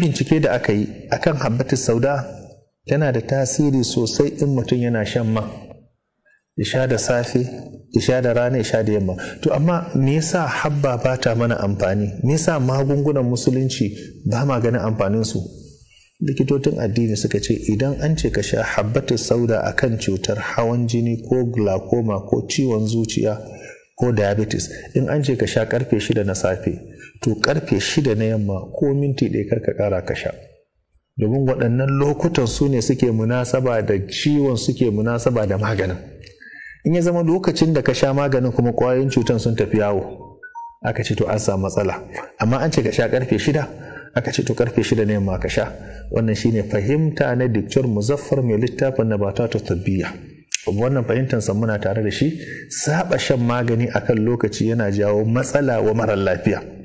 bincike da aka yi a kan habbatu sauda tana da tasiri sosai in mutum yana shan man ya sha da safe ya sha da rana ya sha da yamma to amma me yasa habba ba ta mana amfani me yasa magungunan musulunci ba ma ganin amfanin su likitocin addini suka ce idan an ce ka sha habbatus sauda akan cutar hawan jini ko glaucoma ko ciwon zuciya ko diabetes in an ce ka sha karfe shida na safe to karfe shida na yamma ko minti ɗaya karka ƙara ka sha domin waɗannan lokutan su ne suke munasaba da ciwon suke munasaba da maganin in ya zama lokacin da ka sha maganin kuma ƙwayoyin cutan sun tafi yawo aka ce to an samu matsala amma an ce ka sha karfe shida aka ce to karfe shida na yamma ka sha wannan shine fahimta na mu muzaffar mai littafin nabatatu tabbiyya wannan fahimtarsa muna tare da shi saba shan magani akan lokaci yana jawo matsala wa marar lafiya